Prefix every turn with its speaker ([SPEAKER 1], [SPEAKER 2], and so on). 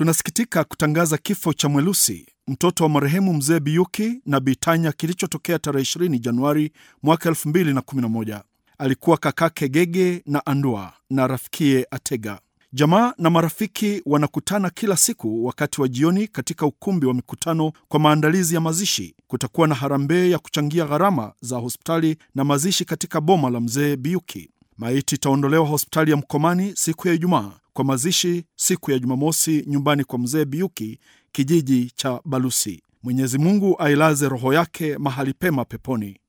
[SPEAKER 1] Tunasikitika kutangaza kifo cha Mwelusi, mtoto wa marehemu mzee Biyuki na Bitanya, kilichotokea tarehe 20 Januari mwaka 2011. Alikuwa kakake Gege na Andua na rafikie Atega. Jamaa na marafiki wanakutana kila siku wakati wa jioni katika ukumbi wa mikutano kwa maandalizi ya mazishi. Kutakuwa na harambee ya kuchangia gharama za hospitali na mazishi katika boma la mzee Biyuki. Maiti itaondolewa hospitali ya Mkomani siku ya Ijumaa kwa mazishi siku ya Jumamosi nyumbani kwa mzee Biuki, kijiji cha Balusi. Mwenyezi Mungu ailaze roho yake mahali pema peponi.